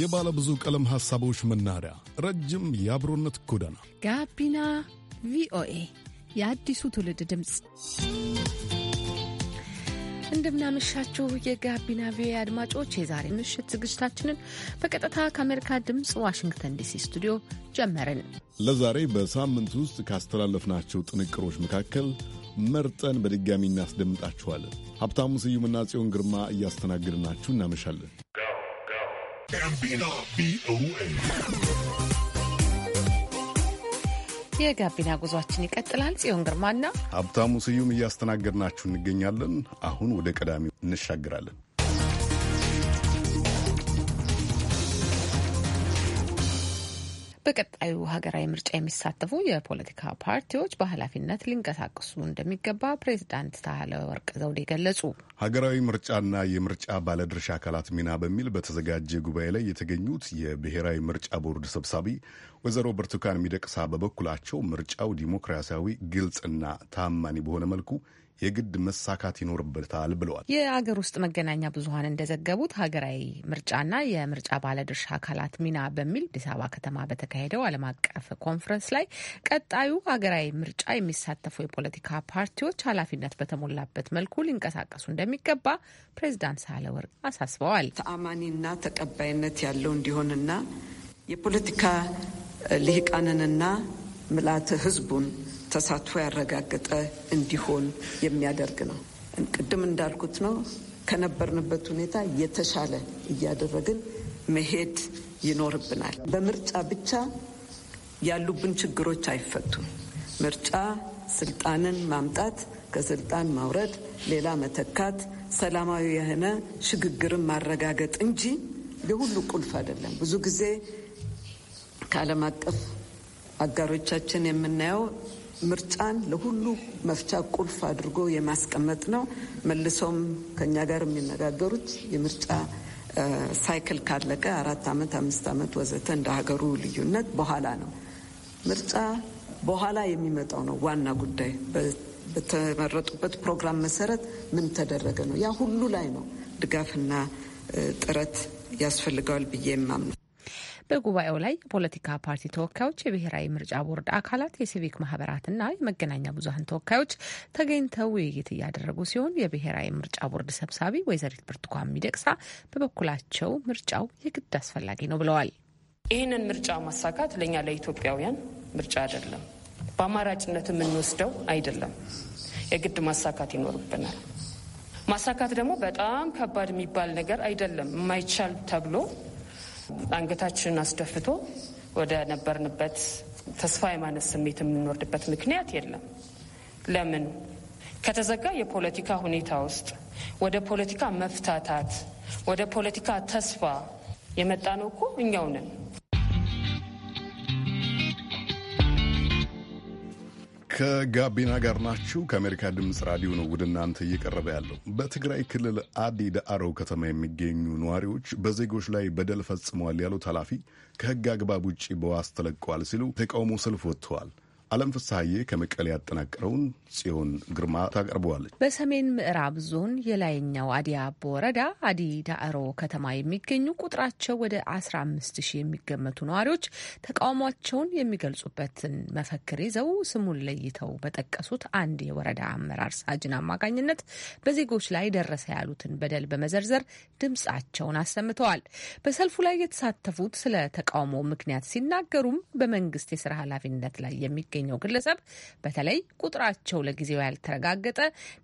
የባለ ብዙ ቀለም ሐሳቦች መናኸሪያ፣ ረጅም የአብሮነት ጎዳና ጋቢና ቪኦኤ የአዲሱ ትውልድ ድምፅ። እንደምናመሻችሁ የጋቢና ቪኦኤ አድማጮች፣ የዛሬ ምሽት ዝግጅታችንን በቀጥታ ከአሜሪካ ድምፅ ዋሽንግተን ዲሲ ስቱዲዮ ጀመርን። ለዛሬ በሳምንት ውስጥ ካስተላለፍናቸው ጥንቅሮች መካከል መርጠን በድጋሚ እናስደምጣችኋለን። ሀብታሙ ስዩምና ጽዮን ግርማ እያስተናግድናችሁ እናመሻለን። ጋቢና ቪኦኤ የጋቢና ጉዟችን ይቀጥላል። ጽዮን ግርማና ሀብታሙ ስዩም እያስተናገድናችሁ እንገኛለን። አሁን ወደ ቀዳሚው እንሻግራለን። በቀጣዩ ሀገራዊ ምርጫ የሚሳተፉ የፖለቲካ ፓርቲዎች በኃላፊነት ሊንቀሳቀሱ እንደሚገባ ፕሬዚዳንት ወርቅ ዘውዴ ገለጹ። ሀገራዊ ምርጫና የምርጫ ባለድርሻ አካላት ሚና በሚል በተዘጋጀ ጉባኤ ላይ የተገኙት የብሔራዊ ምርጫ ቦርድ ሰብሳቢ ወይዘሮ ብርቱካን ሚደቅሳ በበኩላቸው ምርጫው ዲሞክራሲያዊ፣ ግልጽና ታማኒ በሆነ መልኩ የግድ መሳካት ይኖርበታል ብለዋል። የአገር ውስጥ መገናኛ ብዙኃን እንደዘገቡት ሀገራዊ ምርጫና የምርጫ ባለድርሻ አካላት ሚና በሚል አዲስ አበባ ከተማ በተካሄደው ዓለም አቀፍ ኮንፈረንስ ላይ ቀጣዩ ሀገራዊ ምርጫ የሚሳተፉ የፖለቲካ ፓርቲዎች ኃላፊነት በተሞላበት መልኩ ሊንቀሳቀሱ እንደሚ እንደሚገባ ፕሬዚዳንት ሳህለወርቅ አሳስበዋል። ተአማኒና ተቀባይነት ያለው እንዲሆንና የፖለቲካ ልሂቃንንና ምልዓተ ህዝቡን ተሳትፎ ያረጋገጠ እንዲሆን የሚያደርግ ነው። ቅድም እንዳልኩት ነው ከነበርንበት ሁኔታ የተሻለ እያደረግን መሄድ ይኖርብናል። በምርጫ ብቻ ያሉብን ችግሮች አይፈቱም። ምርጫ ስልጣንን ማምጣት ከስልጣን ማውረድ፣ ሌላ መተካት፣ ሰላማዊ የሆነ ሽግግርን ማረጋገጥ እንጂ የሁሉ ቁልፍ አይደለም። ብዙ ጊዜ ከዓለም አቀፍ አጋሮቻችን የምናየው ምርጫን ለሁሉ መፍቻ ቁልፍ አድርጎ የማስቀመጥ ነው። መልሰውም ከኛ ጋር የሚነጋገሩት የምርጫ ሳይክል ካለቀ አራት ዓመት አምስት ዓመት ወዘተ እንደ ሀገሩ ልዩነት በኋላ ነው ምርጫ በኋላ የሚመጣው ነው ዋና ጉዳይ። በተመረጡበት ፕሮግራም መሰረት ምን ተደረገ ነው። ያ ሁሉ ላይ ነው ድጋፍና ጥረት ያስፈልገዋል ብዬ የማምነው። በጉባኤው ላይ የፖለቲካ ፓርቲ ተወካዮች፣ የብሔራዊ ምርጫ ቦርድ አካላት፣ የሲቪክ ማህበራትና የመገናኛ ብዙሀን ተወካዮች ተገኝተው ውይይት እያደረጉ ሲሆን የብሔራዊ ምርጫ ቦርድ ሰብሳቢ ወይዘሪት ብርቱካን ሚደቅሳ በበኩላቸው ምርጫው የግድ አስፈላጊ ነው ብለዋል። ይህንን ምርጫ ማሳካት ለእኛ ለኢትዮጵያውያን ምርጫ አይደለም በአማራጭነት የምንወስደው አይደለም። የግድ ማሳካት ይኖርብናል። ማሳካት ደግሞ በጣም ከባድ የሚባል ነገር አይደለም። የማይቻል ተብሎ አንገታችንን አስደፍቶ ወደ ነበርንበት ተስፋ የማነስ ስሜት የምንወርድበት ምክንያት የለም። ለምን ከተዘጋ የፖለቲካ ሁኔታ ውስጥ ወደ ፖለቲካ መፍታታት፣ ወደ ፖለቲካ ተስፋ የመጣ ነው እኮ እኛው ነን። ከጋቢና ጋር ናችሁ። ከአሜሪካ ድምፅ ራዲዮ ነው ወደ እናንተ እየቀረበ ያለው። በትግራይ ክልል አዲ ዳዕሮ ከተማ የሚገኙ ነዋሪዎች በዜጎች ላይ በደል ፈጽመዋል ያሉት ኃላፊ ከህግ አግባብ ውጭ በዋስ ተለቀዋል ሲሉ ተቃውሞ ሰልፍ ወጥተዋል። ዓለም ፍስሐዬ ከመቀሌ ያጠናቀረውን ጽዮን ግርማ ታቀርበዋለች። በሰሜን ምዕራብ ዞን የላይኛው አዲ አቦ ወረዳ አዲ ዳዕሮ ከተማ የሚገኙ ቁጥራቸው ወደ 15 ሺህ የሚገመቱ ነዋሪዎች ተቃውሟቸውን የሚገልጹበትን መፈክር ይዘው ስሙን ለይተው በጠቀሱት አንድ የወረዳ አመራር ሳጅን አማካኝነት በዜጎች ላይ ደረሰ ያሉትን በደል በመዘርዘር ድምጻቸውን አሰምተዋል። በሰልፉ ላይ የተሳተፉት ስለ ተቃውሞ ምክንያት ሲናገሩም በመንግስት የስራ ኃላፊነት ላይ የሚገኙ የሚገኘው ግለሰብ በተለይ ቁጥራቸው ለጊዜው ያልተረጋገጠ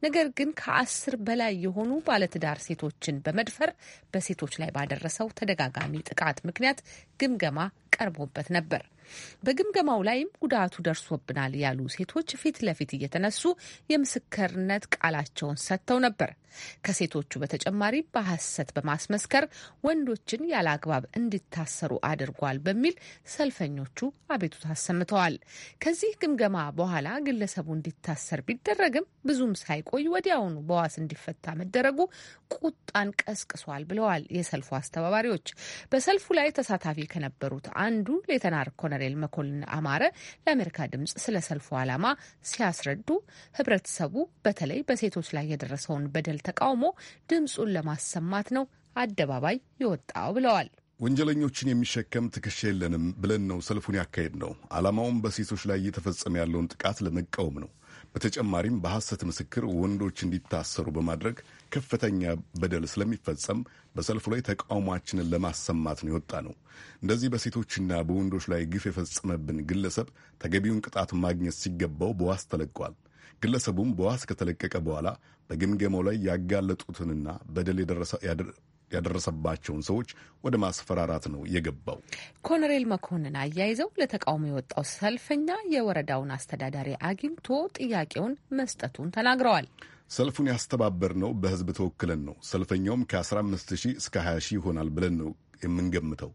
ነገር ግን ከአስር በላይ የሆኑ ባለትዳር ሴቶችን በመድፈር በሴቶች ላይ ባደረሰው ተደጋጋሚ ጥቃት ምክንያት ግምገማ ቀርቦበት ነበር። በግምገማው ላይም ጉዳቱ ደርሶብናል ያሉ ሴቶች ፊት ለፊት እየተነሱ የምስክርነት ቃላቸውን ሰጥተው ነበር። ከሴቶቹ በተጨማሪ በሐሰት በማስመስከር ወንዶችን ያለ አግባብ እንዲታሰሩ አድርጓል በሚል ሰልፈኞቹ አቤቱታ አሰምተዋል። ከዚህ ግምገማ በኋላ ግለሰቡ እንዲታሰር ቢደረግም ብዙም ሳይቆይ ወዲያውኑ በዋስ እንዲፈታ መደረጉ ቁጣን ቀስቅሷል ብለዋል የሰልፉ አስተባባሪዎች። በሰልፉ ላይ ተሳታፊ ከነበሩት አንዱ ሌተናር ኮሎኔል መኮልን አማረ ለአሜሪካ ድምጽ ስለ ሰልፉ ዓላማ ሲያስረዱ ህብረተሰቡ በተለይ በሴቶች ላይ የደረሰውን በደል ተቃውሞ ድምፁን ለማሰማት ነው አደባባይ የወጣው ብለዋል። ወንጀለኞችን የሚሸከም ትከሻ የለንም ብለን ነው ሰልፉን ያካሄድ ነው። ዓላማውም በሴቶች ላይ እየተፈጸመ ያለውን ጥቃት ለመቃወም ነው። በተጨማሪም በሐሰት ምስክር ወንዶች እንዲታሰሩ በማድረግ ከፍተኛ በደል ስለሚፈጸም በሰልፉ ላይ ተቃውሟችንን ለማሰማት ነው የወጣ ነው። እንደዚህ በሴቶችና በወንዶች ላይ ግፍ የፈጸመብን ግለሰብ ተገቢውን ቅጣት ማግኘት ሲገባው በዋስ ተለቋል። ግለሰቡም በዋስ ከተለቀቀ በኋላ በግምገማው ላይ ያጋለጡትንና በደል ያደረሰባቸውን ሰዎች ወደ ማስፈራራት ነው የገባው። ኮሎኔል መኮንን አያይዘው ለተቃውሞ የወጣው ሰልፈኛ የወረዳውን አስተዳዳሪ አግኝቶ ጥያቄውን መስጠቱን ተናግረዋል። ሰልፉን ያስተባበር ነው በህዝብ ተወክለን ነው። ሰልፈኛውም ከ15000 እስከ 20 ሺህ ይሆናል ብለን ነው የምንገምተው።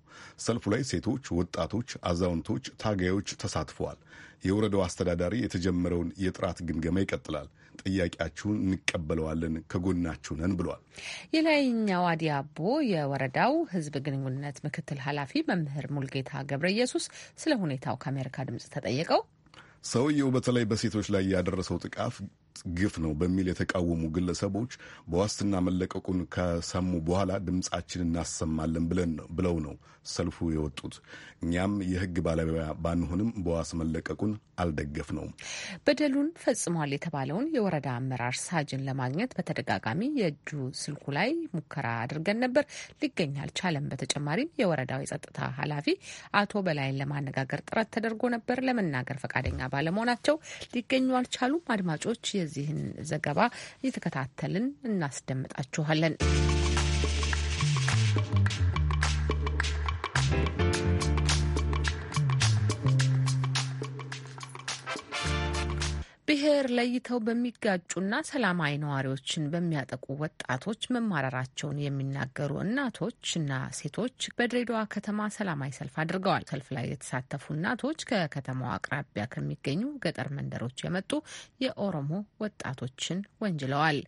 ሰልፉ ላይ ሴቶች፣ ወጣቶች፣ አዛውንቶች፣ ታጋዮች ተሳትፈዋል። የወረዳው አስተዳዳሪ የተጀመረውን የጥራት ግምገማ ይቀጥላል። ጥያቄያችሁን እንቀበለዋለን፣ ከጎናችሁ ነን ብሏል። የላይኛው አዲያቦ የወረዳው ህዝብ ግንኙነት ምክትል ኃላፊ መምህር ሙልጌታ ገብረ ኢየሱስ ስለ ሁኔታው ከአሜሪካ ድምጽ ተጠይቀው ሰውየው በተለይ በሴቶች ላይ ያደረሰው ጥቃት ግፍ ነው በሚል የተቃወሙ ግለሰቦች በዋስትና መለቀቁን ከሰሙ በኋላ ድምጻችን እናሰማለን ብለው ነው ሰልፉ የወጡት። እኛም የህግ ባለሙያ ባንሆንም በዋስ መለቀቁን አልደገፍ ነው። በደሉን ፈጽሟል የተባለውን የወረዳ አመራር ሳጅን ለማግኘት በተደጋጋሚ የእጁ ስልኩ ላይ ሙከራ አድርገን ነበር፣ ሊገኝ አልቻለም። በተጨማሪም የወረዳው የጸጥታ ኃላፊ አቶ በላይን ለማነጋገር ጥረት ተደርጎ ነበር፣ ለመናገር ፈቃደኛ ባለመሆናቸው ሊገኙ አልቻሉም። አድማጮች የዚህን ዘገባ እየተከታተልን እናስደምጣችኋለን። ብሔር ለይተው በሚጋጩና ሰላማዊ ነዋሪዎችን በሚያጠቁ ወጣቶች መማረራቸውን የሚናገሩ እናቶችና ሴቶች በድሬዳዋ ከተማ ሰላማዊ ሰልፍ አድርገዋል። ሰልፍ ላይ የተሳተፉ እናቶች ከከተማዋ አቅራቢያ ከሚገኙ ገጠር መንደሮች የመጡ የኦሮሞ ወጣቶችን ወንጅለዋል።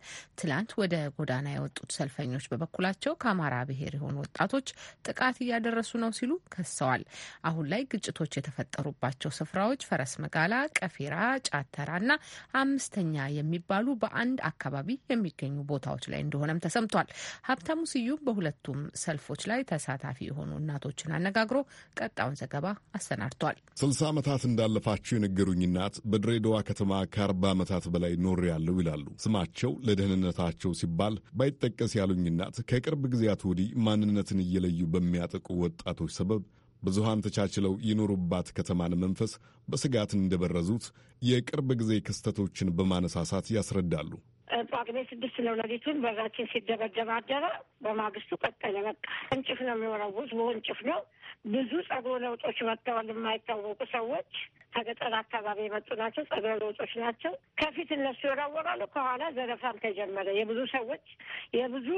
ትላንት ወደ ጎዳና የወጡት ሰልፈኞች በበኩላቸው ከአማራ ብሔር የሆኑ ወጣቶች ጥቃት እያደረሱ ነው ሲሉ ከሰዋል። አሁን ላይ ግጭቶች የተፈጠሩባቸው ስፍራዎች ፈረስ መጋላ፣ ቀፌራ፣ ጫተራ እና ። አምስተኛ የሚባሉ በአንድ አካባቢ የሚገኙ ቦታዎች ላይ እንደሆነም ተሰምቷል። ሀብታሙ ስዩም በሁለቱም ሰልፎች ላይ ተሳታፊ የሆኑ እናቶችን አነጋግሮ ቀጣውን ዘገባ አሰናድቷል። ስልሳ ዓመታት እንዳለፋቸው የነገሩኝ እናት በድሬዳዋ ከተማ ከአርባ ዓመታት በላይ ኖር ያለው ይላሉ። ስማቸው ለደህንነታቸው ሲባል ባይጠቀስ ያሉኝ እናት ከቅርብ ጊዜያት ወዲህ ማንነትን እየለዩ በሚያጠቁ ወጣቶች ሰበብ ብዙሃን ተቻችለው የኖሩባት ከተማን መንፈስ በስጋት እንደበረዙት የቅርብ ጊዜ ክስተቶችን በማነሳሳት ያስረዳሉ። ጳጉሜ ስድስት ነው ሌሊቱን በራችን ሲደበደብ አደረ። በማግስቱ ቀጠለ። በቃ እንጭፍ ነው የሚወረውዝ በወንጭፍ ነው። ብዙ ጸጉረ ለውጦች መጥተዋል። የማይታወቁ ሰዎች ከገጠር አካባቢ የመጡ ናቸው። ጸጉረ ለውጦች ናቸው። ከፊት እነሱ ይወራወራሉ፣ ከኋላ ዘረፋም ተጀመረ። የብዙ ሰዎች የብዙ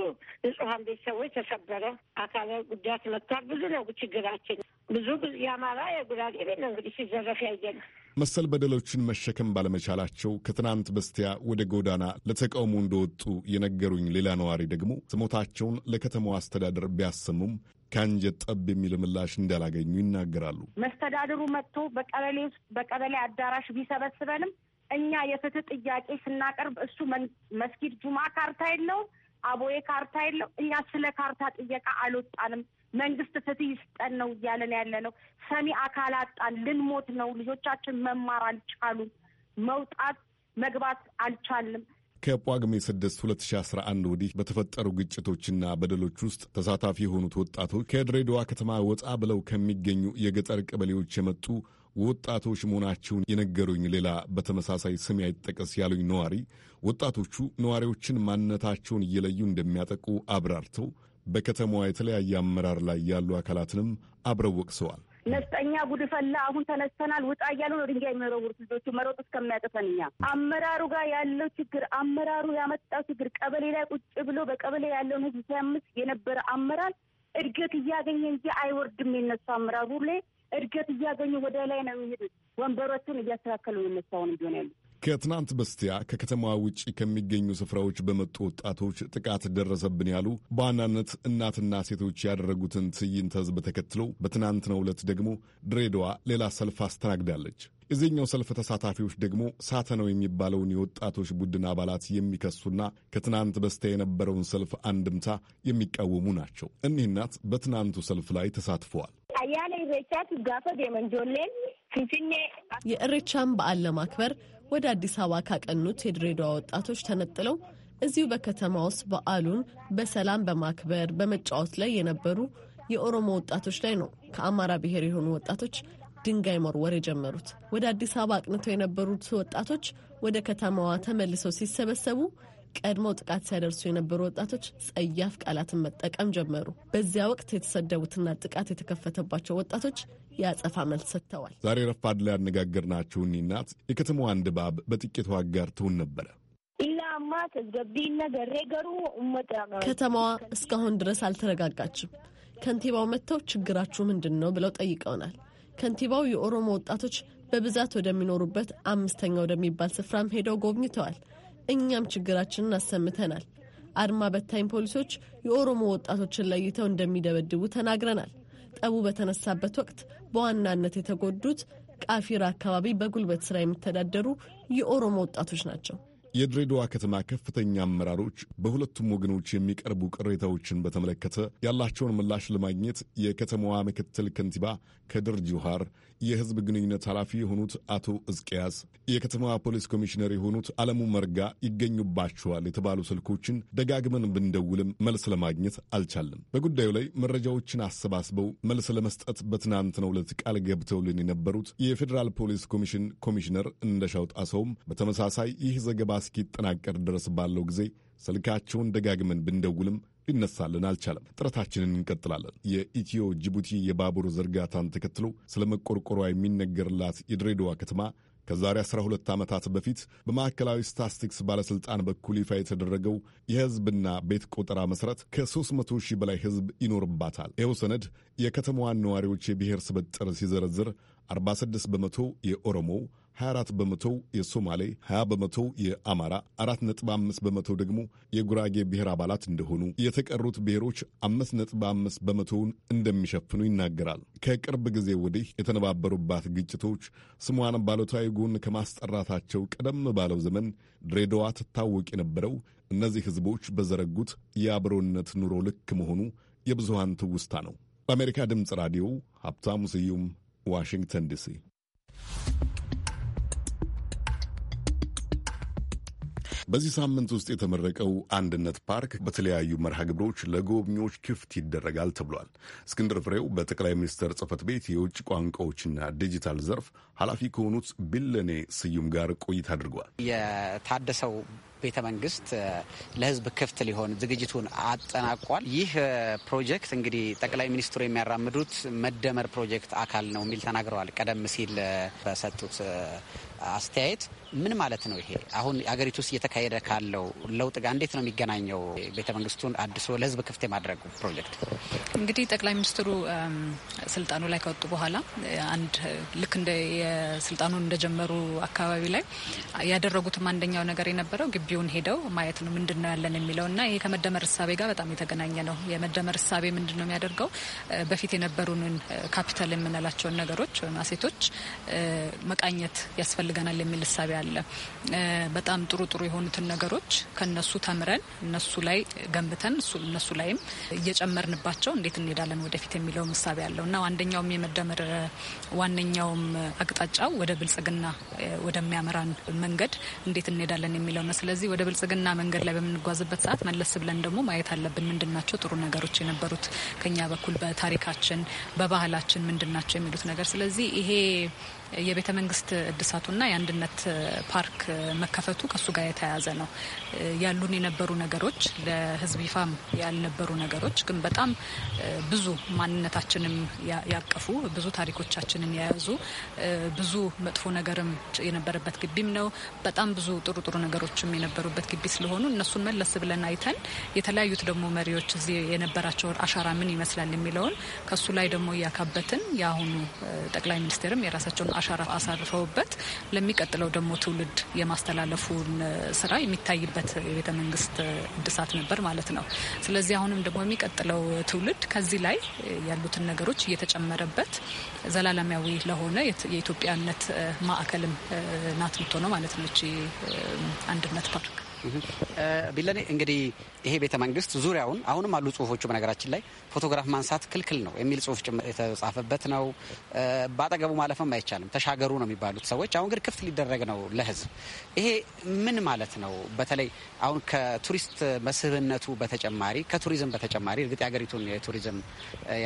ንጹሐን ቤት ሰዎች ተሰበረ፣ አካለ ጉዳት መጥቷል። ብዙ ነው ችግራችን። ብዙ የአማራ የጉራጌ ቤት ነው እንግዲህ ሲዘረፍ ያየነ መሰል በደሎችን መሸከም ባለመቻላቸው ከትናንት በስቲያ ወደ ጎዳና ለተቃውሞ እንደወጡ የነገሩኝ ሌላ ነዋሪ ደግሞ ስሞታቸውን ለከተማው አስተዳደር ቢያሰሙም ከአንጀት ጠብ የሚል ምላሽ እንዳላገኙ ይናገራሉ። መስተዳድሩ መጥቶ በቀበሌ ውስጥ በቀበሌ አዳራሽ ቢሰበስበንም እኛ የፍትህ ጥያቄ ስናቀርብ እሱ መስጊድ ጁማ ካርታ የለውም፣ አቦዬ ካርታ የለው። እኛ ስለ ካርታ ጥየቃ አልወጣንም። መንግስት ፍትህ ይስጠን ነው እያለን ያለ ነው። ሰሚ አካል አጣን። ልንሞት ነው። ልጆቻችን መማር አልቻሉም። መውጣት መግባት አልቻልንም። ከጳጉሜ 6 2011 ወዲህ በተፈጠሩ ግጭቶችና በደሎች ውስጥ ተሳታፊ የሆኑት ወጣቶች ከድሬዳዋ ከተማ ወጣ ብለው ከሚገኙ የገጠር ቀበሌዎች የመጡ ወጣቶች መሆናቸውን የነገሩኝ ሌላ በተመሳሳይ ስም አይጠቀስ ያሉኝ ነዋሪ ወጣቶቹ ነዋሪዎችን ማንነታቸውን እየለዩ እንደሚያጠቁ አብራርተው በከተማዋ የተለያየ አመራር ላይ ያሉ አካላትንም አብረው ወቅሰዋል። ነፍጠኛ ጉድፈላ አሁን ተነስተናል ውጣ እያሉ ነው ድንጋይ የሚወረውሩት ልጆቹ መሮጥ እስከሚያጥፈን እኛ አመራሩ ጋር ያለው ችግር አመራሩ ያመጣው ችግር ቀበሌ ላይ ቁጭ ብሎ በቀበሌ ያለውን ህዝብ ሲያምስ የነበረ አመራር እድገት እያገኘ እንጂ አይወርድም። የነሱ አመራሩ ሁሌ እድገት እያገኙ ወደ ላይ ነው የሚሄዱት። ወንበሮችን እያስተካከሉ የነሳውን ቢሆን ያሉት ከትናንት በስቲያ ከከተማዋ ውጭ ከሚገኙ ስፍራዎች በመጡ ወጣቶች ጥቃት ደረሰብን ያሉ በዋናነት እናትና ሴቶች ያደረጉትን ትዕይንተ ህዝብ ተከትሎ በትናንትናው ዕለት ደግሞ ድሬዳዋ ሌላ ሰልፍ አስተናግዳለች። የዚህኛው ሰልፍ ተሳታፊዎች ደግሞ ሳተ ነው የሚባለውን የወጣቶች ቡድን አባላት የሚከሱና ከትናንት በስቲያ የነበረውን ሰልፍ አንድምታ የሚቃወሙ ናቸው። እኒህ እናት በትናንቱ ሰልፍ ላይ ተሳትፈዋል። ትጋፈ የእሬቻን በዓል ለማክበር ወደ አዲስ አበባ ካቀኑት የድሬዳዋ ወጣቶች ተነጥለው እዚሁ በከተማ ውስጥ በዓሉን በሰላም በማክበር በመጫወት ላይ የነበሩ የኦሮሞ ወጣቶች ላይ ነው ከአማራ ብሔር የሆኑ ወጣቶች ድንጋይ መወርወር የጀመሩት። ወደ አዲስ አበባ አቅንተው የነበሩት ወጣቶች ወደ ከተማዋ ተመልሰው ሲሰበሰቡ ቀድመው ጥቃት ሲያደርሱ የነበሩ ወጣቶች ጸያፍ ቃላትን መጠቀም ጀመሩ። በዚያ ወቅት የተሰደቡትና ጥቃት የተከፈተባቸው ወጣቶች የአጸፋ መልስ ሰጥተዋል። ዛሬ ረፋድ ላይ ያነጋገርናቸው እኚህ እናት የከተማዋን ድባብ በጥቂቱ አጋርተውን ነበረ። ከተማዋ እስካሁን ድረስ አልተረጋጋችም። ከንቲባው መጥተው ችግራችሁ ምንድን ነው ብለው ጠይቀውናል። ከንቲባው የኦሮሞ ወጣቶች በብዛት ወደሚኖሩበት አምስተኛ ወደሚባል ስፍራም ሄደው ጎብኝተዋል። እኛም ችግራችንን አሰምተናል። አድማ በታኝ ፖሊሶች የኦሮሞ ወጣቶችን ለይተው እንደሚደበድቡ ተናግረናል። ጠቡ በተነሳበት ወቅት በዋናነት የተጎዱት ቃፊራ አካባቢ በጉልበት ስራ የሚተዳደሩ የኦሮሞ ወጣቶች ናቸው። የድሬዳዋ ከተማ ከፍተኛ አመራሮች በሁለቱም ወገኖች የሚቀርቡ ቅሬታዎችን በተመለከተ ያላቸውን ምላሽ ለማግኘት የከተማዋ ምክትል ከንቲባ ከድር ጁሃር፣ የህዝብ ግንኙነት ኃላፊ የሆኑት አቶ እዝቅያስ፣ የከተማዋ ፖሊስ ኮሚሽነር የሆኑት አለሙ መርጋ ይገኙባቸዋል የተባሉ ስልኮችን ደጋግመን ብንደውልም መልስ ለማግኘት አልቻለም። በጉዳዩ ላይ መረጃዎችን አሰባስበው መልስ ለመስጠት በትናንትናው ዕለት ቃል ገብተውልን የነበሩት የፌዴራል ፖሊስ ኮሚሽን ኮሚሽነር እንደሻው ጣሰውም በተመሳሳይ ይህ ዘገባ እስኪጠናቀር ድረስ ባለው ጊዜ ስልካቸውን ደጋግመን ብንደውልም ሊነሳልን አልቻለም። ጥረታችንን እንቀጥላለን። የኢትዮ ጅቡቲ የባቡር ዝርጋታን ተከትሎ ስለ መቆርቆሯ የሚነገርላት የድሬዳዋ ከተማ ከዛሬ 12 ዓመታት በፊት በማዕከላዊ ስታስቲክስ ባለሥልጣን በኩል ይፋ የተደረገው የሕዝብና ቤት ቆጠራ መሠረት ከ300 ሺህ በላይ ሕዝብ ይኖርባታል። ይኸው ሰነድ የከተማዋን ነዋሪዎች የብሔር ስበጥር ሲዘረዝር 46 በመቶ የኦሮሞ፣ 24 በመቶ የሶማሌ፣ 20 በመቶ የአማራ፣ 4.5 በመቶ ደግሞ የጉራጌ ብሔር አባላት እንደሆኑ የተቀሩት ብሔሮች 5.5 በመቶውን እንደሚሸፍኑ ይናገራል። ከቅርብ ጊዜ ወዲህ የተነባበሩባት ግጭቶች ስሟን ባሉታዊ ጎን ከማስጠራታቸው ቀደም ባለው ዘመን ድሬዳዋ ትታወቅ የነበረው እነዚህ ሕዝቦች በዘረጉት የአብሮነት ኑሮ ልክ መሆኑ የብዙሃን ትውስታ ነው። በአሜሪካ ድምፅ ራዲዮ ሀብታሙ ስዩም ዋሽንግተን ዲሲ በዚህ ሳምንት ውስጥ የተመረቀው አንድነት ፓርክ በተለያዩ መርሃ ግብሮች ለጎብኚዎች ክፍት ይደረጋል ተብሏል። እስክንድር ፍሬው በጠቅላይ ሚኒስትር ጽህፈት ቤት የውጭ ቋንቋዎችና ዲጂታል ዘርፍ ኃላፊ ከሆኑት ቢለኔ ስዩም ጋር ቆይታ አድርጓል። የታደሰው ቤተ መንግስት ለህዝብ ክፍት ሊሆን ዝግጅቱን አጠናቋል። ይህ ፕሮጀክት እንግዲህ ጠቅላይ ሚኒስትሩ የሚያራምዱት መደመር ፕሮጀክት አካል ነው የሚል ተናግረዋል። ቀደም ሲል በሰጡት አስተያየት ምን ማለት ነው? ይሄ አሁን አገሪቱ ውስጥ እየተካሄደ ካለው ለውጥ ጋር እንዴት ነው የሚገናኘው? ቤተ መንግስቱን አድሶ ለህዝብ ክፍት የማድረጉ ፕሮጀክት እንግዲህ ጠቅላይ ሚኒስትሩ ስልጣኑ ላይ ከወጡ በኋላ አንድ ልክ እንደ የስልጣኑን እንደጀመሩ አካባቢ ላይ ያደረጉትም አንደኛው ነገር የነበረው ግቢውን ሄደው ማየት ነው ምንድን ነው ያለን የሚለው እና ይሄ ከመደመር እሳቤ ጋር በጣም የተገናኘ ነው። የመደመር እሳቤ ምንድን ነው የሚያደርገው በፊት የነበሩንን ካፒታል የምንላቸውን ነገሮች ወይም አሴቶች መቃኘት ያስፈልገናል የሚል እሳቤ አለ። በጣም ጥሩ ጥሩ የሆኑትን ነገሮች ከነሱ ተምረን እነሱ ላይ ገንብተን እነሱ ላይም እየጨመርንባቸው እንዴት እንሄዳለን ወደፊት የሚለውም እሳቤ አለው እና አንደኛውም የመደመር ዋነኛውም አቅጣጫው ወደ ብልጽግና ወደሚያመራን መንገድ እንዴት እንሄዳለን የሚለው ነው። ስለዚህ ወደ ብልጽግና መንገድ ላይ በምንጓዝበት ሰዓት መለስ ብለን ደግሞ ማየት አለብን። ምንድን ናቸው ጥሩ ነገሮች የነበሩት ከኛ በኩል በታሪካችን በባህላችን ምንድን ናቸው የሚሉት ነገር ስለዚህ ይሄ የቤተ መንግስት እድሳቱና የአንድነት ፓርክ መከፈቱ ከሱ ጋር የተያያዘ ነው። ያሉን የነበሩ ነገሮች ለህዝብ ይፋም ያልነበሩ ነገሮች ግን በጣም ብዙ ማንነታችንም ያቀፉ ብዙ ታሪኮቻችንን የያዙ ብዙ መጥፎ ነገርም የነበረበት ግቢም ነው። በጣም ብዙ ጥሩ ጥሩ ነገሮችም የነበሩበት ግቢ ስለሆኑ እነሱን መለስ ብለን አይተን የተለያዩት ደግሞ መሪዎች እዚህ የነበራቸውን አሻራ ምን ይመስላል የሚለውን ከሱ ላይ ደግሞ እያካበትን የአሁኑ ጠቅላይ ሚኒስትርም የራሳቸውን አሻራ አሳርፈውበት ለሚቀጥለው ደግሞ ትውልድ የማስተላለፉን ስራ የሚታይበት የቤተ መንግስት እድሳት ነበር ማለት ነው። ስለዚህ አሁንም ደግሞ የሚቀጥለው ትውልድ ከዚህ ላይ ያሉትን ነገሮች እየተጨመረበት ዘላለማዊ ለሆነ የኢትዮጵያነት ማዕከልም ናት ምትሆነው ማለት ነው። አንድነት ቢለኔ እንግዲህ ይሄ ቤተ መንግስት ዙሪያውን አሁንም አሉ ጽሁፎቹ። በነገራችን ላይ ፎቶግራፍ ማንሳት ክልክል ነው የሚል ጽሁፍ የተጻፈበት ነው። በአጠገቡ ማለፍም አይቻልም። ተሻገሩ ነው የሚባሉት ሰዎች። አሁን ግን ክፍት ሊደረግ ነው ለህዝብ። ይሄ ምን ማለት ነው? በተለይ አሁን ከቱሪስት መስህብነቱ በተጨማሪ ከቱሪዝም በተጨማሪ እርግጥ የሀገሪቱን የቱሪዝም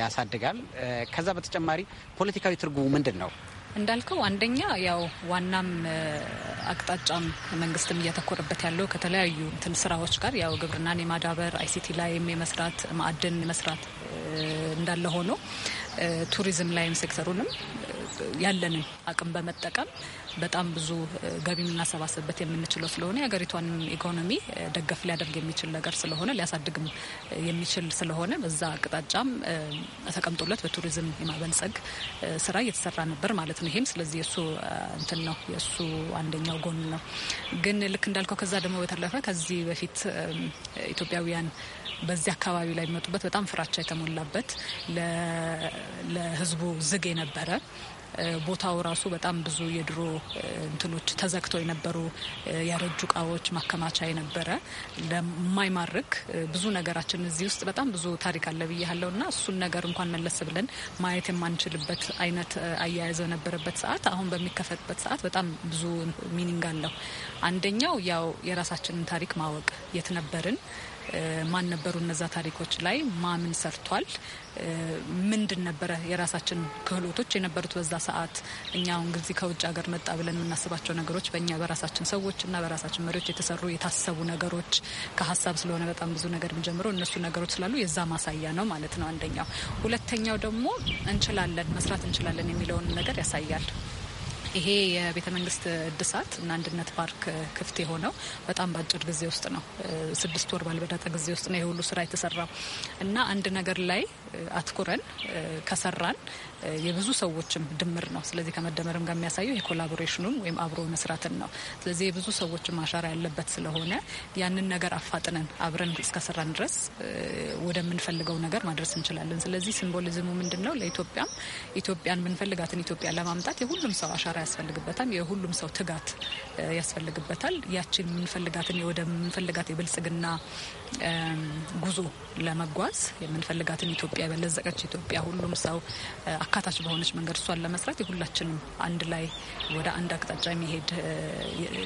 ያሳድጋል። ከዛ በተጨማሪ ፖለቲካዊ ትርጉሙ ምንድን ነው? እንዳልከው አንደኛ ያው ዋናም አቅጣጫም መንግስትም እያተኮረበት ያለው ከተለያዩ እንትን ስራዎች ጋር ያው ግብርናን የማዳበር አይሲቲ ላይም የመስራት ማዕድን የመስራት እንዳለ ሆኖ ቱሪዝም ላይም ሴክተሩንም ያለንን አቅም በመጠቀም በጣም ብዙ ገቢ ልናሰባሰብበት የምንችለው ስለሆነ የሀገሪቷን ኢኮኖሚ ደገፍ ሊያደርግ የሚችል ነገር ስለሆነ ሊያሳድግም የሚችል ስለሆነ በዛ አቅጣጫም ተቀምጦለት በቱሪዝም የማበልጸግ ስራ እየተሰራ ነበር ማለት ነው። ይሄም ስለዚህ የእሱ እንትን ነው የእሱ አንደኛው ጎን ነው። ግን ልክ እንዳልከው ከዛ ደግሞ በተረፈ ከዚህ በፊት ኢትዮጵያውያን በዚህ አካባቢ ላይ የሚመጡበት በጣም ፍራቻ የተሞላበት ለህዝቡ ዝግ የነበረ ቦታው ራሱ በጣም ብዙ የድሮ እንትኖች ተዘግተው የነበሩ ያረጁ እቃዎች ማከማቻ የነበረ ለማይማርክ ብዙ ነገራችን እዚህ ውስጥ በጣም ብዙ ታሪክ አለ ብያለው እና እሱን ነገር እንኳን መለስ ብለን ማየት የማንችልበት አይነት አያያዘ ነበረበት ሰዓት አሁን በሚከፈትበት ሰዓት በጣም ብዙ ሚኒንግ አለው። አንደኛው ያው የራሳችንን ታሪክ ማወቅ የት ነበርን ማን ነበሩ እነዛ ታሪኮች ላይ ማምን ሰርቷል፣ ምንድን ነበረ የራሳችን ክህሎቶች የነበሩት በዛ ሰዓት። እኛ አሁን ጊዜ ከውጭ ሀገር መጣ ብለን የምናስባቸው ነገሮች በእኛ በራሳችን ሰዎች እና በራሳችን መሪዎች የተሰሩ የታሰቡ ነገሮች ከሀሳብ ስለሆነ በጣም ብዙ ነገር ጀምሮ እነሱ ነገሮች ስላሉ የዛ ማሳያ ነው ማለት ነው አንደኛው። ሁለተኛው ደግሞ እንችላለን መስራት እንችላለን የሚለውን ነገር ያሳያል። ይሄ የቤተ መንግስት እድሳት እና አንድነት ፓርክ ክፍት የሆነው በጣም በአጭር ጊዜ ውስጥ ነው። ስድስት ወር ባልበለጠ ጊዜ ውስጥ ነው ሁሉ ስራ የተሰራው እና አንድ ነገር ላይ አትኩረን ከሰራን የብዙ ሰዎችም ድምር ነው። ስለዚህ ከመደመርም ጋር የሚያሳየው የኮላቦሬሽኑን ወይም አብሮ መስራትን ነው። ስለዚህ የብዙ ሰዎችም አሻራ ያለበት ስለሆነ ያንን ነገር አፋጥነን አብረን እስከሰራን ድረስ ወደምንፈልገው ነገር ማድረስ እንችላለን። ስለዚህ ሲምቦሊዝሙ ምንድን ነው? ለኢትዮጵያም ኢትዮጵያን ምንፈልጋትን ኢትዮጵያ ለማምጣት የሁሉም ሰው አሻራ ያስፈልግበታል። የሁሉም ሰው ትጋት ያስፈልግበታል። ያችን የምንፈልጋትን ወደ የምንፈልጋት የብልጽግና ጉዞ ለመጓዝ የምንፈልጋትን ኢትዮጵያ የበለዘቀች ኢትዮጵያ ሁሉም ሰው አካታች በሆነች መንገድ እሷን ለመስራት የሁላችንም አንድ ላይ ወደ አንድ አቅጣጫ የሚሄድ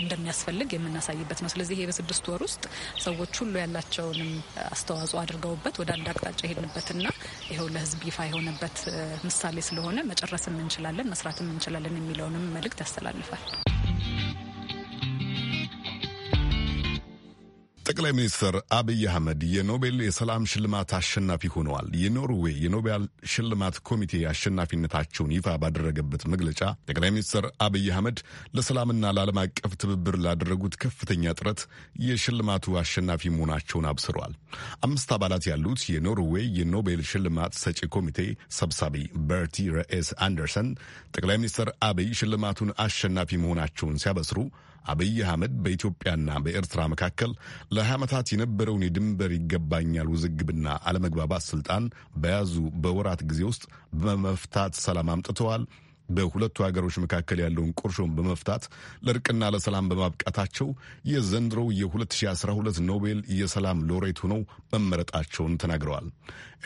እንደሚያስፈልግ የምናሳይበት ነው። ስለዚህ ይሄ በስድስት ወር ውስጥ ሰዎች ሁሉ ያላቸውንም አስተዋጽኦ አድርገውበት ወደ አንድ አቅጣጫ የሄድንበትና ይኸው ለህዝብ ይፋ የሆነበት ምሳሌ ስለሆነ መጨረስም እንችላለን፣ መስራትም እንችላለን የሚለውንም መልእክት ያስተላልፋል። ጠቅላይ ሚኒስትር አብይ አህመድ የኖቤል የሰላም ሽልማት አሸናፊ ሆነዋል። የኖርዌይ የኖቤል ሽልማት ኮሚቴ አሸናፊነታቸውን ይፋ ባደረገበት መግለጫ ጠቅላይ ሚኒስትር አብይ አህመድ ለሰላምና ለዓለም አቀፍ ትብብር ላደረጉት ከፍተኛ ጥረት የሽልማቱ አሸናፊ መሆናቸውን አብስረዋል። አምስት አባላት ያሉት የኖርዌይ የኖቤል ሽልማት ሰጪ ኮሚቴ ሰብሳቢ በርቲ ረኤስ አንደርሰን ጠቅላይ ሚኒስትር አብይ ሽልማቱን አሸናፊ መሆናቸውን ሲያበስሩ አብይ አህመድ በኢትዮጵያና በኤርትራ መካከል ለሃያ ዓመታት የነበረውን የድንበር ይገባኛል ውዝግብና አለመግባባት ስልጣን በያዙ በወራት ጊዜ ውስጥ በመፍታት ሰላም አምጥተዋል። በሁለቱ ሀገሮች መካከል ያለውን ቁርሾን በመፍታት ለእርቅና ለሰላም በማብቃታቸው የዘንድሮው የ2012 ኖቤል የሰላም ሎሬት ሆነው መመረጣቸውን ተናግረዋል።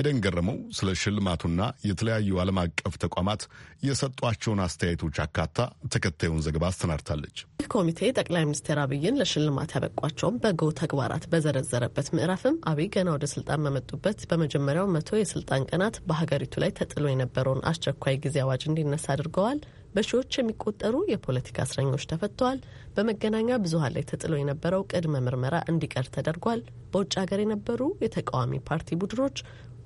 ኤደን ገረመው ስለ ሽልማቱና የተለያዩ ዓለም አቀፍ ተቋማት የሰጧቸውን አስተያየቶች አካታ ተከታዩን ዘገባ አሰናድታለች። ይህ ኮሚቴ ጠቅላይ ሚኒስትር አብይን ለሽልማት ያበቋቸውን በጎ ተግባራት በዘረዘረበት ምዕራፍም አብይ ገና ወደ ስልጣን በመጡበት በመጀመሪያው መቶ የስልጣን ቀናት በሀገሪቱ ላይ ተጥሎ የነበረውን አስቸኳይ ጊዜ አዋጅ እንዲነሳ አድርጓል። አድርገዋል። በሺዎች የሚቆጠሩ የፖለቲካ እስረኞች ተፈተዋል። በመገናኛ ብዙኃን ላይ ተጥሎ የነበረው ቅድመ ምርመራ እንዲቀር ተደርጓል። በውጭ ሀገር የነበሩ የተቃዋሚ ፓርቲ ቡድኖች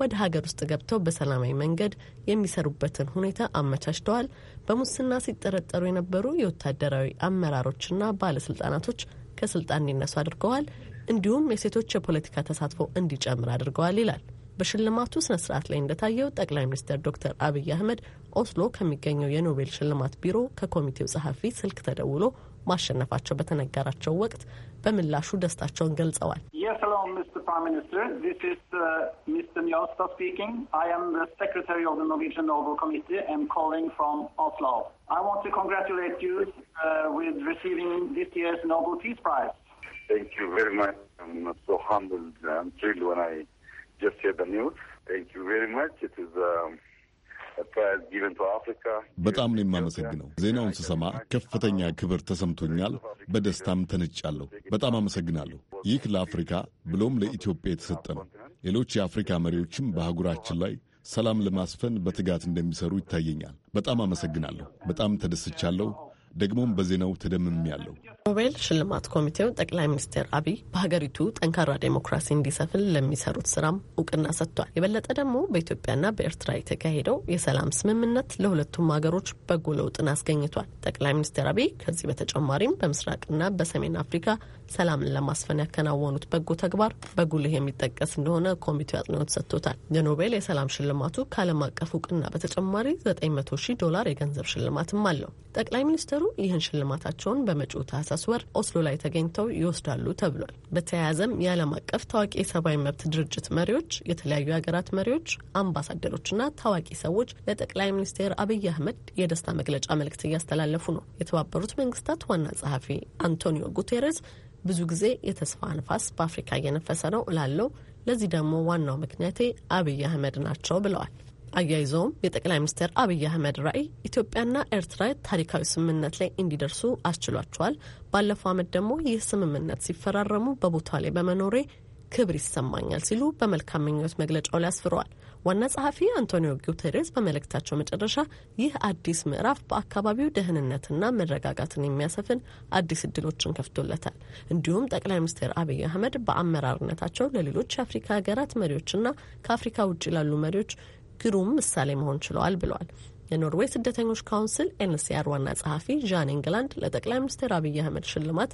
ወደ ሀገር ውስጥ ገብተው በሰላማዊ መንገድ የሚሰሩበትን ሁኔታ አመቻችተዋል። በሙስና ሲጠረጠሩ የነበሩ የወታደራዊ አመራሮችና ባለስልጣናቶች ከስልጣን እንዲነሱ አድርገዋል። እንዲሁም የሴቶች የፖለቲካ ተሳትፎ እንዲጨምር አድርገዋል ይላል። በሽልማቱ ስነ ስርዓት ላይ እንደታየው ጠቅላይ ሚኒስትር ዶክተር አብይ አህመድ ኦስሎ ከሚገኘው የኖቤል ሽልማት ቢሮ ከኮሚቴው ጸሐፊ ስልክ ተደውሎ ማሸነፋቸው በተነገራቸው ወቅት በምላሹ ደስታቸውን ገልጸዋል። uh, uh, Thank you very much. I'm so humbled and thrilled when I just heard the news. Thank you very much. It is, um, በጣም ነው የማመሰግነው። ዜናውን ስሰማ ከፍተኛ ክብር ተሰምቶኛል፣ በደስታም ተንጫለሁ። በጣም አመሰግናለሁ። ይህ ለአፍሪካ ብሎም ለኢትዮጵያ የተሰጠ ነው። ሌሎች የአፍሪካ መሪዎችም በአህጉራችን ላይ ሰላም ለማስፈን በትጋት እንደሚሰሩ ይታየኛል። በጣም አመሰግናለሁ። በጣም ተደስቻለሁ። ደግሞም በዜናው ተደምም ያለው ኖቤል ሽልማት ኮሚቴው ጠቅላይ ሚኒስትር አብይ በሀገሪቱ ጠንካራ ዴሞክራሲ እንዲሰፍን ለሚሰሩት ስራም እውቅና ሰጥቷል። የበለጠ ደግሞ በኢትዮጵያና በኤርትራ የተካሄደው የሰላም ስምምነት ለሁለቱም ሀገሮች በጎ ለውጥን አስገኝቷል። ጠቅላይ ሚኒስትር አብይ ከዚህ በተጨማሪም በምስራቅና በሰሜን አፍሪካ ሰላምን ለማስፈን ያከናወኑት በጎ ተግባር በጉልህ የሚጠቀስ እንደሆነ ኮሚቴው አጽንኦት ሰጥቶታል። የኖቤል የሰላም ሽልማቱ ከዓለም አቀፍ እውቅና በተጨማሪ 900 ሺህ ዶላር የገንዘብ ሽልማትም አለው። ጠቅላይ ሚኒስትሩ ይህን ሽልማታቸውን በመጪው ታህሳስ ወር ኦስሎ ላይ ተገኝተው ይወስዳሉ ተብሏል። በተያያዘም የዓለም አቀፍ ታዋቂ የሰብአዊ መብት ድርጅት መሪዎች፣ የተለያዩ ሀገራት መሪዎች፣ አምባሳደሮችና ታዋቂ ሰዎች ለጠቅላይ ሚኒስትር አብይ አህመድ የደስታ መግለጫ መልእክት እያስተላለፉ ነው። የተባበሩት መንግስታት ዋና ጸሐፊ አንቶኒዮ ጉቴሬስ ብዙ ጊዜ የተስፋ ንፋስ በአፍሪካ እየነፈሰ ነው ላለው። ለዚህ ደግሞ ዋናው ምክንያቴ አብይ አህመድ ናቸው ብለዋል። አያይዘውም የጠቅላይ ሚኒስትር አብይ አህመድ ራዕይ ኢትዮጵያና ኤርትራ ታሪካዊ ስምምነት ላይ እንዲደርሱ አስችሏቸዋል። ባለፈው ዓመት ደግሞ ይህ ስምምነት ሲፈራረሙ በቦታ ላይ በመኖሬ ክብር ይሰማኛል ሲሉ በመልካም ምኞት መግለጫው ላይ አስፍረዋል። ዋና ጸሐፊ አንቶኒዮ ጉተሬስ በመልእክታቸው መጨረሻ ይህ አዲስ ምዕራፍ በአካባቢው ደህንነትና መረጋጋትን የሚያሰፍን አዲስ እድሎችን ከፍቶለታል። እንዲሁም ጠቅላይ ሚኒስትር አብይ አህመድ በአመራርነታቸው ለሌሎች የአፍሪካ ሀገራት መሪዎችና ከአፍሪካ ውጭ ላሉ መሪዎች ግሩም ምሳሌ መሆን ችለዋል ብለዋል። የኖርዌይ ስደተኞች ካውንስል ኤንሲአር ዋና ጸሐፊ ዣን ኢንግላንድ ለጠቅላይ ሚኒስትር አብይ አህመድ ሽልማት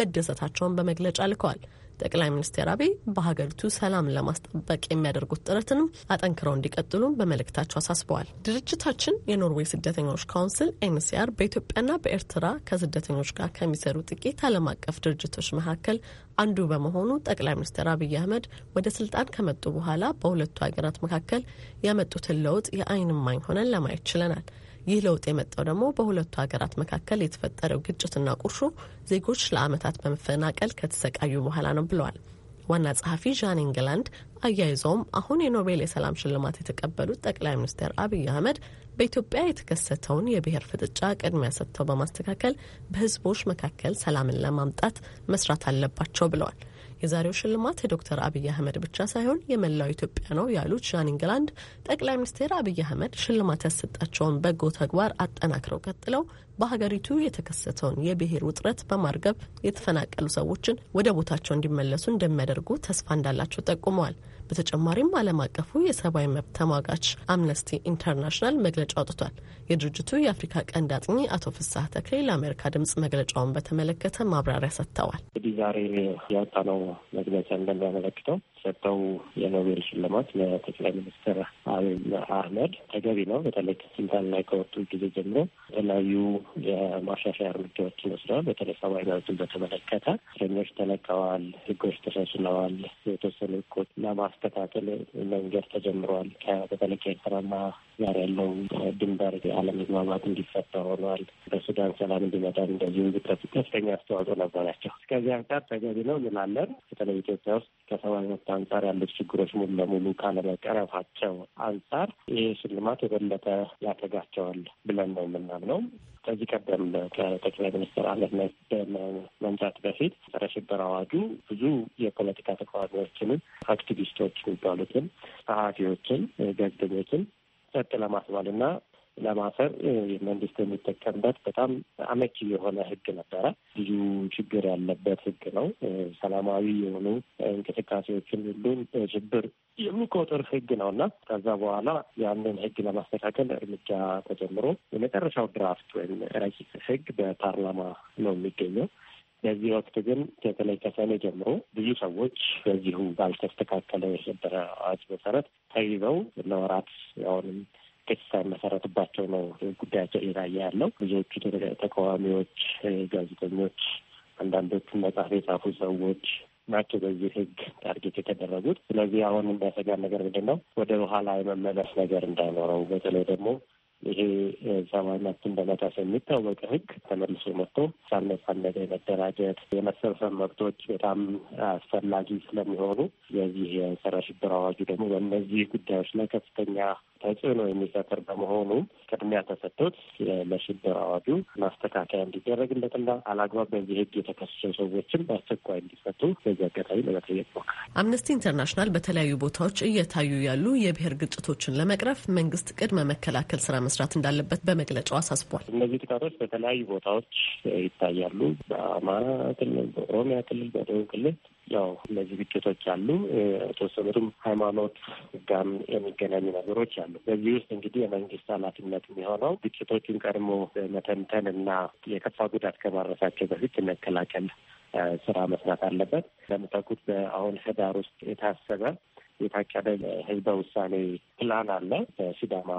መደሰታቸውን በመግለጫ ልከዋል። ጠቅላይ ሚኒስትር አብይ በሀገሪቱ ሰላም ለማስጠበቅ የሚያደርጉት ጥረትንም አጠንክረው እንዲቀጥሉም በመልእክታቸው አሳስበዋል። ድርጅታችን የኖርዌይ ስደተኞች ካውንስል ኤንሲአር በኢትዮጵያና በኤርትራ ከስደተኞች ጋር ከሚሰሩ ጥቂት ዓለም አቀፍ ድርጅቶች መካከል አንዱ በመሆኑ ጠቅላይ ሚኒስትር አብይ አህመድ ወደ ስልጣን ከመጡ በኋላ በሁለቱ ሀገራት መካከል ያመጡትን ለውጥ የአይን እማኝ ሆነን ለማየት ችለናል። ይህ ለውጥ የመጣው ደግሞ በሁለቱ ሀገራት መካከል የተፈጠረው ግጭትና ቁርሾ ዜጎች ለዓመታት በመፈናቀል ከተሰቃዩ በኋላ ነው ብለዋል። ዋና ጸሐፊ ዣን ኢንግላንድ አያይዘውም አሁን የኖቤል የሰላም ሽልማት የተቀበሉት ጠቅላይ ሚኒስትር አብይ አህመድ በኢትዮጵያ የተከሰተውን የብሔር ፍጥጫ ቅድሚያ ሰጥተው በማስተካከል በህዝቦች መካከል ሰላምን ለማምጣት መስራት አለባቸው ብለዋል። የዛሬው ሽልማት የዶክተር አብይ አህመድ ብቻ ሳይሆን የመላው ኢትዮጵያ ነው ያሉት ዣን ኢንግላንድ ጠቅላይ ሚኒስትር አብይ አህመድ ሽልማት ያሰጣቸውን በጎ ተግባር አጠናክረው ቀጥለው በሀገሪቱ የተከሰተውን የብሔር ውጥረት በማርገብ የተፈናቀሉ ሰዎችን ወደ ቦታቸው እንዲመለሱ እንደሚያደርጉ ተስፋ እንዳላቸው ጠቁመዋል። በተጨማሪም ዓለም አቀፉ የሰብአዊ መብት ተሟጋች አምነስቲ ኢንተርናሽናል መግለጫ አውጥቷል። የድርጅቱ የአፍሪካ ቀንድ አጥኚ አቶ ፍስሐ ተክሌ ለአሜሪካ ድምጽ መግለጫውን በተመለከተ ማብራሪያ ሰጥተዋል። እንግዲህ ዛሬ ያወጣነው መግለጫ እንደሚያመለክተው የተሰጠው የኖቤል ሽልማት ለጠቅላይ ሚኒስትር አብይ አህመድ ተገቢ ነው። በተለይ ከስልጣን ላይ ከወጡ ጊዜ ጀምሮ የተለያዩ የማሻሻያ እርምጃዎችን ወስደዋል። በተለይ ሰብአዊ መብትን በተመለከተ እስረኞች ተለቀዋል፣ ህጎች ተሻሽለዋል፣ የተወሰኑ ህጎች ለማስተካከል መንገድ ተጀምረዋል። በተለይ ከኤርትራና ጋር ያለው ድንበር አለመግባባት እንዲፈታ ሆኗል። በሱዳን ሰላም እንዲመጣ እንደዚሁ ከፍተኛ አስተዋጽኦ ነበራቸው። እስከዚህ አንጻር ተገቢ ነው እንላለን። በተለይ ኢትዮጵያ ውስጥ ከሰብአዊ መብት አንጻር ያሉት ችግሮች ሙሉ ለሙሉ ካለመቀረፋቸው አንጻር ይህ ሽልማት የበለጠ ያሰጋቸዋል ብለን ነው የምናምነው። ከዚህ ቀደም ከጠቅላይ ሚኒስትር አለነት መምጣት በፊት ጸረ ሽብር አዋጁ ብዙ የፖለቲካ ተቃዋሚዎችንም፣ አክቲቪስቶች የሚባሉትን፣ ጸሐፊዎችን፣ ጋዜጠኞችን ጸጥ ለማስባል ለማስባልና ለማሰር መንግስት የሚጠቀምበት በጣም አመቺ የሆነ ህግ ነበረ። ብዙ ችግር ያለበት ህግ ነው። ሰላማዊ የሆኑ እንቅስቃሴዎችን ሁሉም ሽብር የሚቆጥር ህግ ነው እና ከዛ በኋላ ያንን ህግ ለማስተካከል እርምጃ ተጀምሮ የመጨረሻው ድራፍት ወይም ረቂቅ ህግ በፓርላማ ነው የሚገኘው። በዚህ ወቅት ግን በተለይ ከሰኔ ጀምሮ ብዙ ሰዎች በዚሁ ባልተስተካከለ የነበረ አዋጅ መሰረት ተይዘው ለወራት አሁንም ክስ ሳይመሰረትባቸው ነው ጉዳያቸው እየታየ ያለው። ብዙዎቹ ተቃዋሚዎች፣ ጋዜጠኞች፣ አንዳንዶቹ መጽሐፍ የጻፉ ሰዎች ናቸው በዚህ ህግ ታርጌት የተደረጉት። ስለዚህ አሁን የሚያሰጋን ነገር ምንድን ነው? ወደ ኋላ የመመለስ ነገር እንዳይኖረው በተለይ ደግሞ ይሄ ሰብአዊ መብትን በመጣስ የሚታወቅ ህግ ተመልሶ መጥቶ ሳልነጻነት የመደራጀት የመሰብሰብ መብቶች በጣም አስፈላጊ ስለሚሆኑ የዚህ የጸረ ሽብር አዋጁ ደግሞ በእነዚህ ጉዳዮች ላይ ከፍተኛ ተጽዕኖ የሚፈጥር በመሆኑ ቅድሚያ ተሰጥቶት ለሽብር አዋጁ ማስተካከያ እንዲደረግለትና አላግባብ በዚህ ህግ የተከሰሱ ሰዎችም በአስቸኳይ እንዲፈቱ በዚህ አጋጣሚ ለመጠየቅ ሞክራል። አምነስቲ ኢንተርናሽናል በተለያዩ ቦታዎች እየታዩ ያሉ የብሔር ግጭቶችን ለመቅረፍ መንግስት ቅድመ መከላከል ስራ መስራት እንዳለበት በመግለጫው አሳስቧል። እነዚህ ጥቃቶች በተለያዩ ቦታዎች ይታያሉ። በአማራ ክልል፣ በኦሮሚያ ክልል፣ በደቡብ ክልል ያው እነዚህ ግጭቶች አሉ። የተወሰኑትም ሃይማኖት ጋም የሚገናኙ ነገሮች አሉ። በዚህ ውስጥ እንግዲህ የመንግስት ኃላፊነት የሚሆነው ግጭቶቹን ቀድሞ መተንተን እና የከፋ ጉዳት ከማረሳቸው በፊት መከላከል ስራ መስራት አለበት። እንደምታውቁት በአሁን ህዳር ውስጥ የታሰበ የታቀደ ህዝበ ውሳኔ ፕላን አለ። በሲዳማ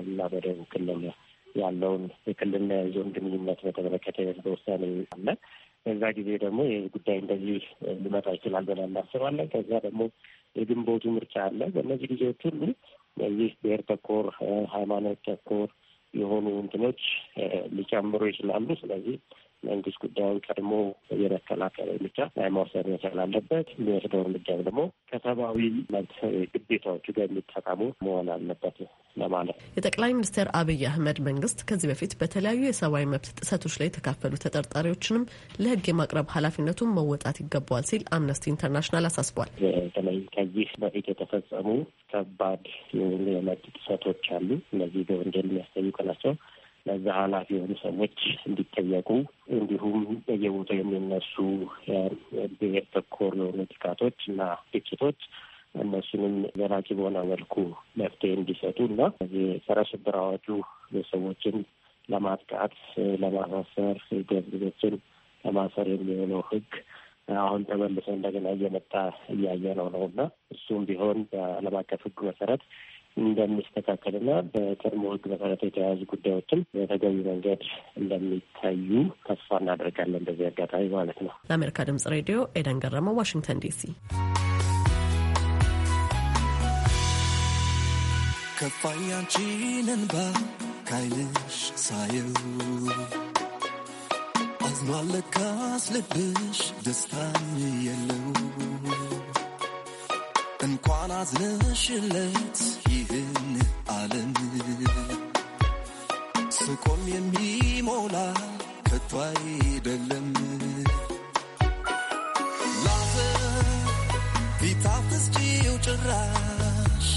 እና በደቡብ ክልል ያለውን የክልልና የዞን ግንኙነት በተመለከተ የህዝበ ውሳኔ አለ። በዛ ጊዜ ደግሞ ይህ ጉዳይ እንደዚህ ሊመጣ ይችላል ብለን እናስባለን። ከዛ ደግሞ የግንቦቱ ምርጫ አለ። በእነዚህ ጊዜዎች ሁሉ ይህ ብሔር ተኮር፣ ሃይማኖት ተኮር የሆኑ እንትኖች ሊጨምሩ ይችላሉ። ስለዚህ መንግስት ጉዳዩን ቀድሞ የመከላከል እርምጃ ላይ መውሰድ መቻል አለበት። የሚወስደው እርምጃ ደግሞ ከሰብአዊ መብት ግዴታዎቹ ጋር የሚጠቀሙ መሆን አለበት ለማለት የጠቅላይ ሚኒስትር አብይ አህመድ መንግስት ከዚህ በፊት በተለያዩ የሰብአዊ መብት ጥሰቶች ላይ የተካፈሉ ተጠርጣሪዎችንም ለህግ የማቅረብ ኃላፊነቱን መወጣት ይገባዋል ሲል አምነስቲ ኢንተርናሽናል አሳስቧል። በተለይ ከዚህ በፊት የተፈጸሙ ከባድ የመብት ጥሰቶች አሉ። እነዚህ በወንጀል የሚያስጠይቁ ናቸው። ለዛ ኃላፊ የሆኑ ሰዎች እንዲጠየቁ እንዲሁም በየቦታው የሚነሱ ብሔር ተኮር የሆኑ ጥቃቶች እና ግጭቶች እነሱንም ዘላቂ በሆነ መልኩ መፍትሄ እንዲሰጡ እና የጸረ ሽብር አዋጁ ሰዎችን ለማጥቃት፣ ለማሳሰር፣ ገዝግዞችን ለማሰር የሚሆነው ህግ አሁን ተመልሶ እንደገና እየመጣ እያየ ነው ነው እና እሱም ቢሆን በዓለም አቀፍ ህግ መሰረት እንደሚስተካከልና በቀድሞ ህግ መሰረት የተያያዙ ጉዳዮችም በተገቢ መንገድ እንደሚታዩ ተስፋ እናደርጋለን። በዚህ አጋጣሚ ማለት ነው። ለአሜሪካ ድምጽ ሬዲዮ ኤደን ገረመው፣ ዋሽንግተን ዲሲ። ከፋኝ አንቺን ሳየው አዝኗል ልብሽ የለው እንኳን አዝነሽለት ይህን ዓለም ስቆም የሚሞላ ከቶ አይደለም። ላፈ ቢታፍስጪው ጭራሽ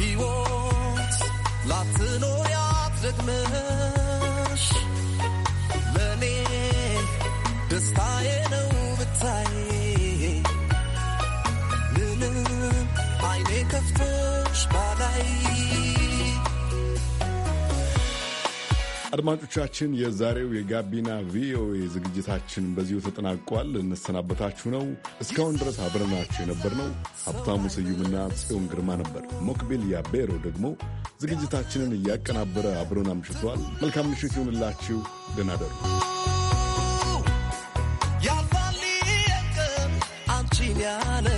ሕይወት ላትኖሪያት ደግመ አድማጮቻችን የዛሬው የጋቢና ቪኦኤ ዝግጅታችን በዚሁ ተጠናቋል። እንሰናበታችሁ ነው። እስካሁን ድረስ አብረናችሁ የነበርነው ሀብታሙ ስዩምና ጽዮን ግርማ ነበር። ሞክቢል ያቤሮ ደግሞ ዝግጅታችንን እያቀናበረ አብረን አምሽቷል። መልካም ምሽት ይሁንላችሁ። ደህና ደሩ። ያባሊ አንቺን ያለ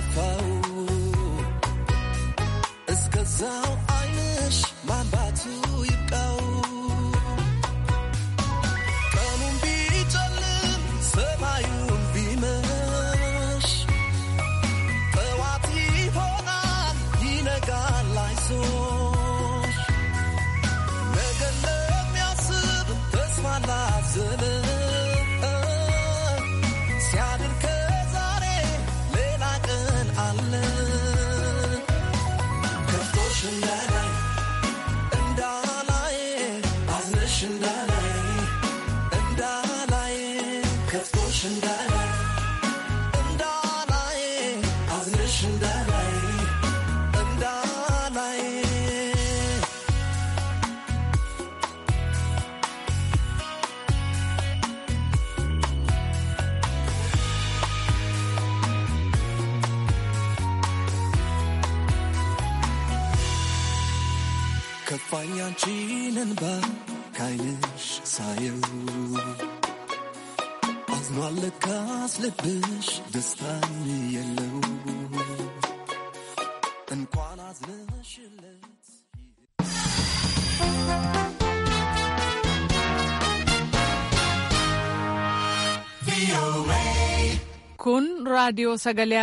raadiyoo sagalee